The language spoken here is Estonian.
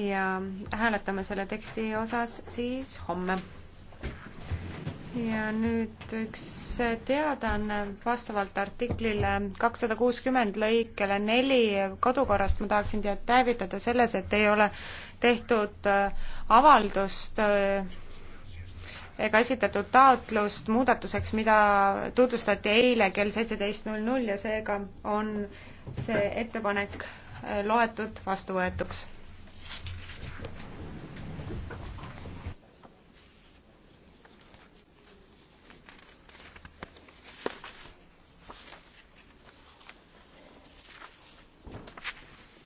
ja hääletame selle teksti osas siis homme. ja nüüd üks teadaanne vastavalt artiklile kakssada kuuskümmend lõikele neli kodukorrast ma tahaksin teid täivitada selles, et ei ole tehtud äh, avaldust äh, ega esitatud taotlust muudatuseks, mida tutvustati eile kell seitseteist null null ja seega on see ettepanek äh, loetud vastuvõetuks